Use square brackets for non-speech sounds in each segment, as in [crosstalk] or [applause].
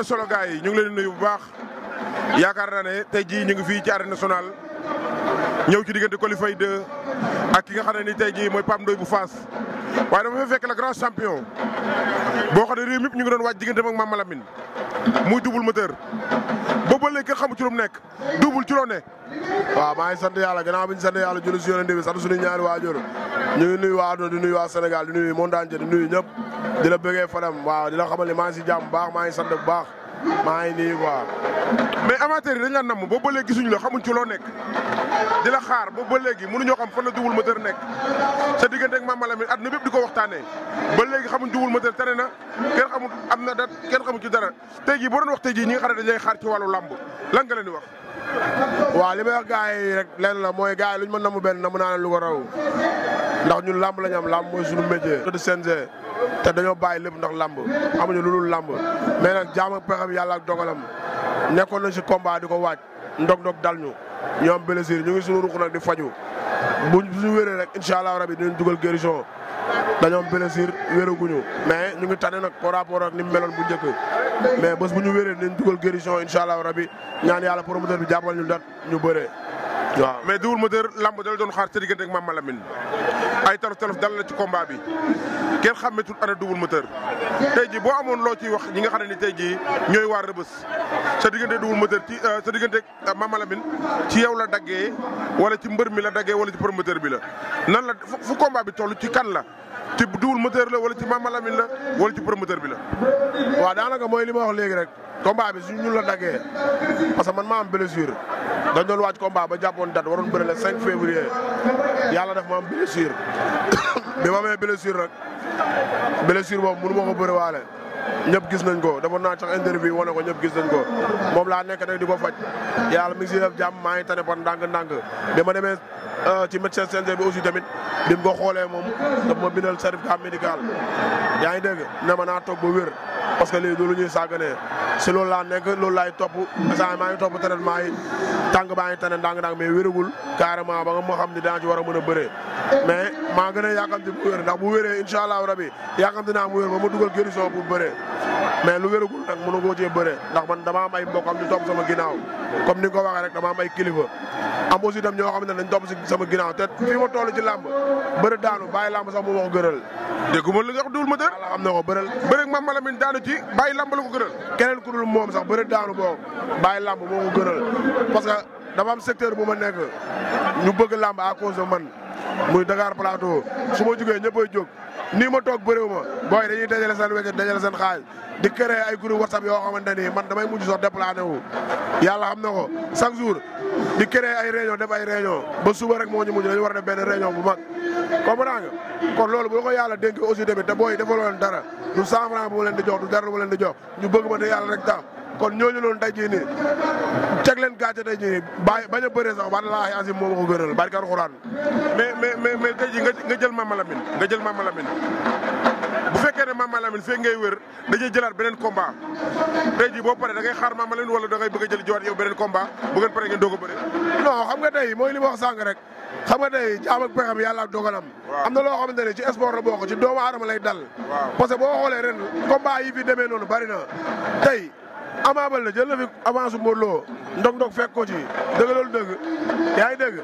na solo gars yi ñu ngi leen nuyu bu baax yaakaar naa ne tey jii ñu ngi fi ci arène nationale ñëw ci diggante Coly Faye 2 ak ki nga xam ne ni tey jii mooy Pape Ndoye bu Fass waaye dama fay fekk la grand champion boo xam ne réew mi ñu ngi doon waaj digganteem ak Mama Lamine muy double moteur boobu ba léegi kenn xamu ci lu nekk double ci loo ne waa maa ngi sant yàlla gannaaw bi ñu sant yàlla julli si yonent bi sant ñaari waajur ñu ngi nuyu waa àdduna di nuy waa Sénégal di nuyu monde entier di nuyu ñëpp di la bëggee Fadam waaw di la xamal ne maa ngi si jàmm bu baax maa ngi sant bu baax maa ngi nii quoi. mais amateurs yi dañ la namm boobu ba léegi gisuñu la xamuñ ci loo nekk. di la xaar boobu ba léegi mënuñoo xam fan la Double Moteur nekk sa diggante ak Mama Lamine àdduna bépp di ko waxtaanee ba léegi xamuñ Double Moteur tere na kenn xamul am na da kenn xamul ci dara tey jii boo doon wax tey jii ñi nga ne dañ xaar ci wàllu làmb lan nga leen di wax. waaw li may wax gars yi rek lenn la mooy gars yi luñ mën namu benn namu naa leen lu ko raw ndax ñun làmb la ñu am làmb mooy suñu métier. di CNG te dañoo bàyyi lépp ndax làmb amuñu lu dul làmb mais nag jaam ak pexam yàlla ak dogalam nekkoon nañ si di ko waaj ndog-ndog dal ñu ñoo am blessure ñu ngi suñu ruq nag di faju bu ñu wéree rek incha allah rabi dinañ dugal guérison dañoo am blessure mais ñu ngi tane nag par rapport ak ni mu meloon bu njëkk mais bés bu ñu wéree dinañ dugal guérison incha allah rabi ñaan yàlla promoteur bi jàppal ñu dat ñu bëree. waaw mais Double Moteur lamb dala doon xaar sa diggante ak Mama Lamine ay tolof tolof dal la ci combat bi kenn xàmmeetul ana Double Moteur te jii boo amoon loo ciy wax ñi nga xam ne ni tey jii ñoy waa Rëbës sa diggante Double Moteur ci euh, sa diggante ak Mama Lamine ci yow la daggee wala ci mbër mi la daggee wala ci promoteur bi la nan la fu combat bi toll ci kan la ci Double Moteur la wala ci Mama Lamine la wala ci promoteur bi la waaw daanaka mooy li ma wax léegi rek combat bi suñ ñun la daggee parce que man maa am blessure dañ doon waaj combat ba jàppoon date waroon bëri le 5 février yàlla def ma am [coughs] bi ma amee blessure nag blessure boobu mënu ma ko bëri waale ñëpp gis nañ ko dafa naa sax interview wane ko ñëpp gis nañ ko moom laa nekk rek di ko faj yàlla mi ngi si def jàmm maa ngi tane par ndànk-ndànk ma demee euh, ci médecin CNG bi aussi tamit bi mu ko xoolee moom dafa ma bindal certificat médical yaa ngi dégg na ma naa toog ba wér parce que lii du lu ñuy sàgganee si loolu laa nekk loolu laay topp a maa ngi topp traitement yi tàng baa ngi tane ndànk-ndànk mais wéragul carrément ba nga moo xam daan daa ci war a mën a bëree mais maa gën a yàkkamti bu wér ndax bu wéree incha allah rabi yàkkamti naa mu wér ba ma dugal guérison bu bëree mais lu wérugul nag mënu koo cee bëre ndax man dama am ay mbokkam ñu topp sama ginnaaw comme ni ko waxee rek dama am ay kilifa am aussi itam ñoo xam ne dañ topp si sama ginnaaw te fi ma toll ci làmb bëri daanu bàyyi làmb sax mu wax gëral dégguma li nga wax duul ma tër am na ko bëral bëri mam malamin daanu ci bàyyi làmb la ko gëral keneen ku dul moom sax bëri daanu boo bàyyi làmb moo ko gëral parce que dama am secteur bu ma nekk ñu bëgg làmb à cause de man muy Dakar Plateau su ma jógee ñëppay jóg nii ma toog bëréew ma booy dañuy dajale seen wékk dajale seen xaaj di créer ay groupe whatsapp yoo xamante ni man damay mujj sax déplané wu yàlla xam na ko chaque jour di créer ay réunion def ay réunion ba suba rek moo ñu mujj dañu war a def benn réunion bu mag comprends nga kon loolu bu la ko yàlla dénk aussi tamit te booy defaloo leen dara du cent franc bu leen di jox du dara bu ma leen di jox ñu bëgg ma te yàlla rek tax kon ñooñu loon tey jii nii teg leen gàcce day ñëwee bàyyi bañ a bëree sax wallaahi azim moo ma ko gënal barke alxuraan mais mais mais tey jii nga jël Mama Lamine nga jël Mama Lamine bu fekkee ne Mama Lamine fee ngay wér dañuy jëlaat beneen combat tey jii boo paree da ngay xaar Mama Lamine wala da ngay jël jiwaat yow beneen combat bu ngeen paree ngeen doog a bëri non xam nga tey mooy li ma wax sànq rek xam nga tey jaam ak pexam yàlla am na loo xamante ne ci sport la bokk ci doomu aadama lay dal parce que boo xoolee ren combat yi fi demee noonu bari na tey Ama Baldé jël na fi avance Modou Lo ndog-ndog fekk ko ci dëgg loolu dëgg yaa ngi dëgg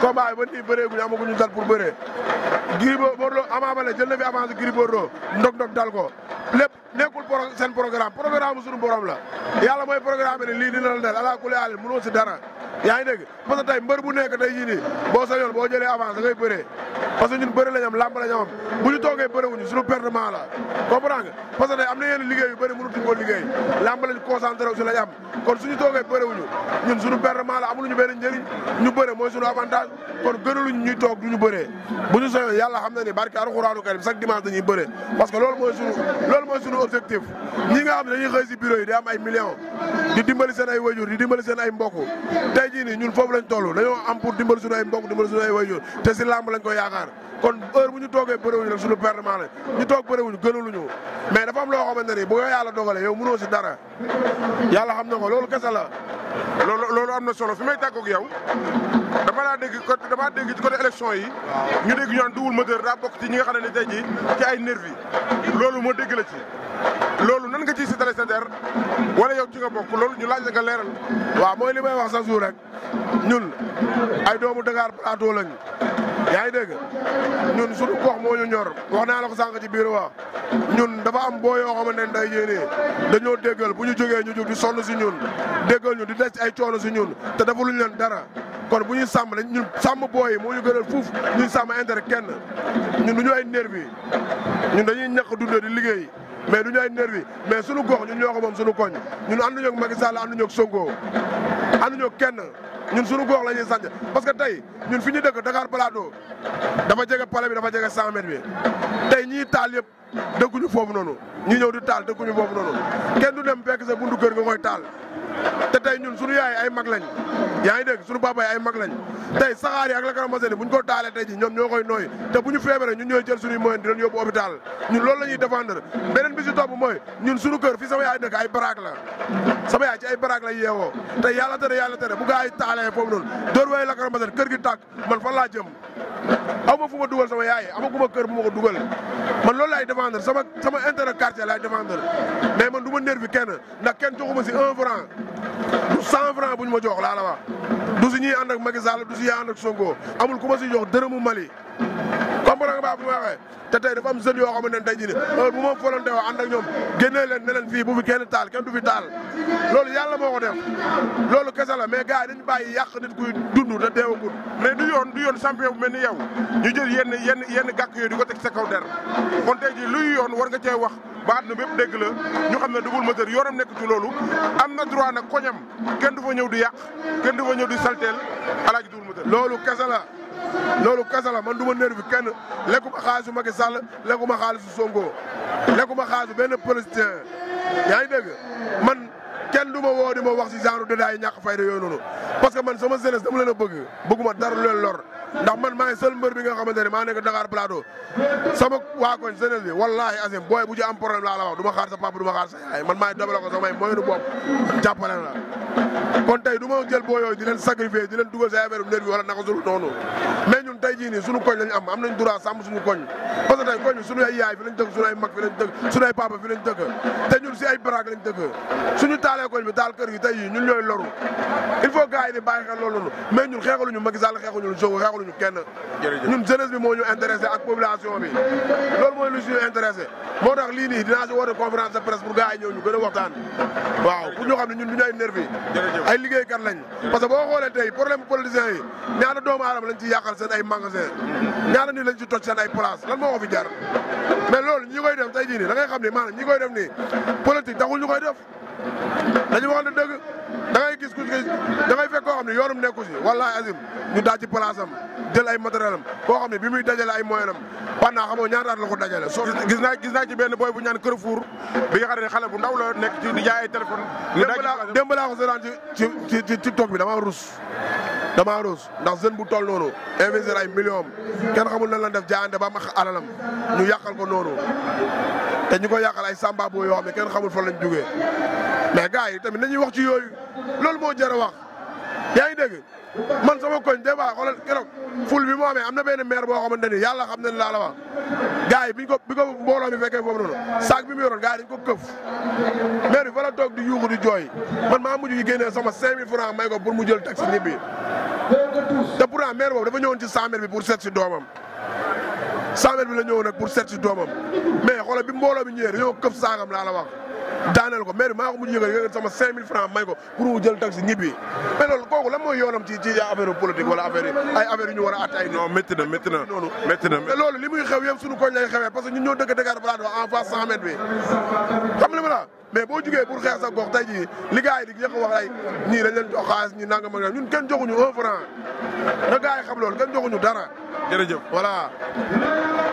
combat yi ba nii bëree guñu amaguñu dal pour bëree Gris Bordeaux Ama Baldé jël na fi avance Gris Bordeaux ndog-ndog dal ko lépp nekkul pro seen programme programme suñu borom la yàlla mooy programme ni lii dina la dal ala kulli aal mënoo si dara yaa ngi dëgg parce que tey mbër bu nekk tey yi nii boo sa boo jëlee avance da ngay bëree parce que ñun bëri la ñam bu ñu toogee bëriwuñu suñu pertement la comprends nga parce que tey am na yenn liggéey yu bëri mënutuñ ko liggéey làmb lañ concentré wu si lañ am kon suñu toogee bëriwuñu ñun suñu pertement la amuluñu benn ñu bëre mooy suñu avantage kon gënaluñ ñuy toog du ñu bëree bu ñu soyoon yàlla xam na ni barke alxuraanu karim chaque dimanche dañuy bëre parce que loolu mooy suñu loolu mooy suñu objectif ñi nga xam ne dañuy xëy si bureau yi am ay millions di dimbali seen ay wayjur di dimbali seen ay mbokk tey jii nii ñun foofu ko yaakaar kon heure bu ñu toogee bëriwuñu rek suñu perdement la ñu toog bëriwuñu gënaluñu mais dafa am loo xamante ni bu yow yàlla dogalee yow mënoo dara yàlla xam na ko loolu kese la. loolu am na solo fi may tàggoog yow dama laa dégg côté dama dégg ci côté élection yi. ñu dégg ñu naan double moteur daa bokk ci ñi nga xam ne ni tey jii ci ay nervi loolu moo dégg la ci. loolu nan nga ciy si télé sa der wala yow ci nga bokk loolu ñu laaj la nga leeral. waaw mooy li may wax sa jour rek ñun ay doomu Dakar Plateau lañu. yaa ngi dégg ñun suñu gox moo ñu ñor wax naa la ko sànq ci biir wax ñun dafa am boo yoo xamante ne day yéenee dañoo déggal bu ñu jógee ñu jóg di sonn si ñun déggal ñu di des ay coono si ñun te dafa luñ leen dara kon bu ñu sàmm dañ ñun sàmm booy moo ñu gënal fuuf ñu sàmm intérêt kenn ñun du ñu ay nervi ñun dañuy ñàkk dundee di liggéey mais du ñu ay nervi mais sunu gox ñun ñoo ko moom suñu koñ ñun ànduñu ak Macky Sall ànduñu ak Sonko ànduñu ak kenn ñun suñu gox la ñuy sant parce que tey ñun fi ñu dëkk Dakar Plateau dafa jege pale bi dafa jege 100 mètres bi tey ñii taal yëpp dëkkuñu foofu noonu ñi ñëw di taal dëkkuñu foofu noonu kenn du dem fekk se bundu gër nga koy taal te tey ñun suñu yaay ay mag lañ yaa ngi dégg suñu papa yi ay mag lañ tey saxaar ak la bu ñu ko taalee tey ji ñoom ñoo koy nooy te bu ñu feebaree ñun ñooy jël suñuy moyen di leen yóbbu hôpital ñun loolu la ñuy beneen bi si topp mooy ñun suñu kër fi sama yaay dëkk ay baraak la sama yaay ci ay baraak la yeewoo te yàlla tere yàlla tere bu gaa yi taalee foofu noonu dóor waaye la karamaseni kër gi tàkk man fan laa jëm aw ma fu ma dugal sama yaay amaguma kër bu ma ko dugal man loolu laay défendre sama sama intérêt quartier laay défendre mais man du ma nervi kenn ndax du 100 bu ñu ma jox laa la wax du si ñuy ànd ak Macky Sall amul ku ma si jox dërëmu Mali. comprendre nga baax bu ma waxee te tey dafa am jeunes yoo xamante ne tey jii nii bu ma volonté woo ànd ak ñoom génnee leen fii bu fi kenn taal kenn du fi taal loolu yàlla moo ko def loolu kese la mais gars yi dañu bàyyi yàq nit kuy dund te deewagul. mais du yoon du yoon champion bu mel ni yow ñu jël yenn yenn yenn gàkk yooyu di ko teg sa kaw der kon tey jii luy yoon war nga ba àdduna bépp dégg la ñu xam ne Double Moteur yoonam nekk ci loolu am na droit koñam kenn du fa ñëw di yàq kenn du fa ñëw di salteel alaaji Double Moteur loolu kese la loolu kese la man du ma nervi kenn lekkuma xaalisu Macky Sall lekkuma xaalisu Sonko lekkuma xaalisu benn politicien yaa ngi dégg man kenn du ma woo di ma wax si genre détails yi ñàkk fayda yooyu noonu parce que man sama jeunesse dama leen a bëgg bëgguma dara lu leen lor ndax man maay seul mbër bi nga xamante ne maa nekk Dakar Plateau sama waa koñ jeunesse bi wallaahi asim booy bu ci am problème laa la wax du ma xaar sa papa du ma xaar yaay man maay dabala ko samay moyenu bopp jàppale la kon tey du ma jël boo yooyu di leen sacrifier di leen dugal sa affaire nervi wala naka sul noonu mais ñun tey jii nii koñ lañ am am nañ droit sàmm suñu koñ parce tey koñ bi suñu ay yaay fi lañ dëkk suñu ay mag fi lañ dëkk suñu ay papa xaaruñu kenn. ñun jeunesse bi moo ñu intéressé ak population bi loolu mooy lu suñu intéressé moo tax lii nii dinaa si woote conférence de presse pour ñu gën a waxtaan. waaw pour ñu xam ne ñun du ay nervi ay liggéeykat lañ parce que boo xoolee tey yi ñaata doomu aadama lañ ci yàqal seen ay magasin ñaata nit lañ ci toj seen ay place lan moo ko fi jar mais loolu ñi koy def tey jii nii da ngay xam ne maanaam ñi koy def nii politique taxul ñu koy def dañu wax ne xam ne yoonam nekku si wallaahi azim ñu daal ci place am jël xam ne bi muy dajale ay moyen am pendant xamoo ñaataat la ko dajale so gis naa gis naa ci benn boy bu ñaan kër fuur ne xale bu ndaw la nekk ci di jaay ay téléphone démb laa ko seetaan bi damaa rus damaa ruus ndax jeune bu toll noonu investir ay millions am kenn xamul nan la def jaayante ba am alalam ñu yàqal ko noonu te ñu ko yàqal ay samba boo yoo xam kenn xamul fan lañ jugee mais gars yi tamit nañuy wax ci yooyu loolu moo jar a wax. yaa ngi dégg man sama koñ des baa xoolal keroog ful bi moo amee am na benn maire boo xamante ni yàlla xam na ne laa la wax gars ko bi ko mbooloo mi fekkee foofu noonu saak bi mu yoroon gars yi dañ ko këf maire bi fa la toog di yuuxu di jooy man maa mujj gi génnee sama 5000 francs may ko pour mu jël taxi ñibbi te pourtant maire boobu dafa ñëwoon ci 100000 bi pour seet si doomam 100000 bi la ñëwoon nag pour seet si doomam mais xoolal bi mbooloo mi ñëwee dañoo këf saakam laa la wax daaneel ko maire maa ko mujj yëgal yëgal sama 5000 francs may ko pour mu jël taxi ñibbi mais loolu kooku lan mooy yoonam ci ci affaire politique wala affaire ay yu ñu war a atte ay non métti loolu li muy xew yëpp suñu koñ lay xewee parce que ñun ñoo dëkk Dakar Plateau en face 100 mètres bi xam li la mais boo jugee pour xeex sa gox li gars di yëg wax ay ñii dañ leen jox xaalis ñii nangam ak ñun kenn joxuñu un franc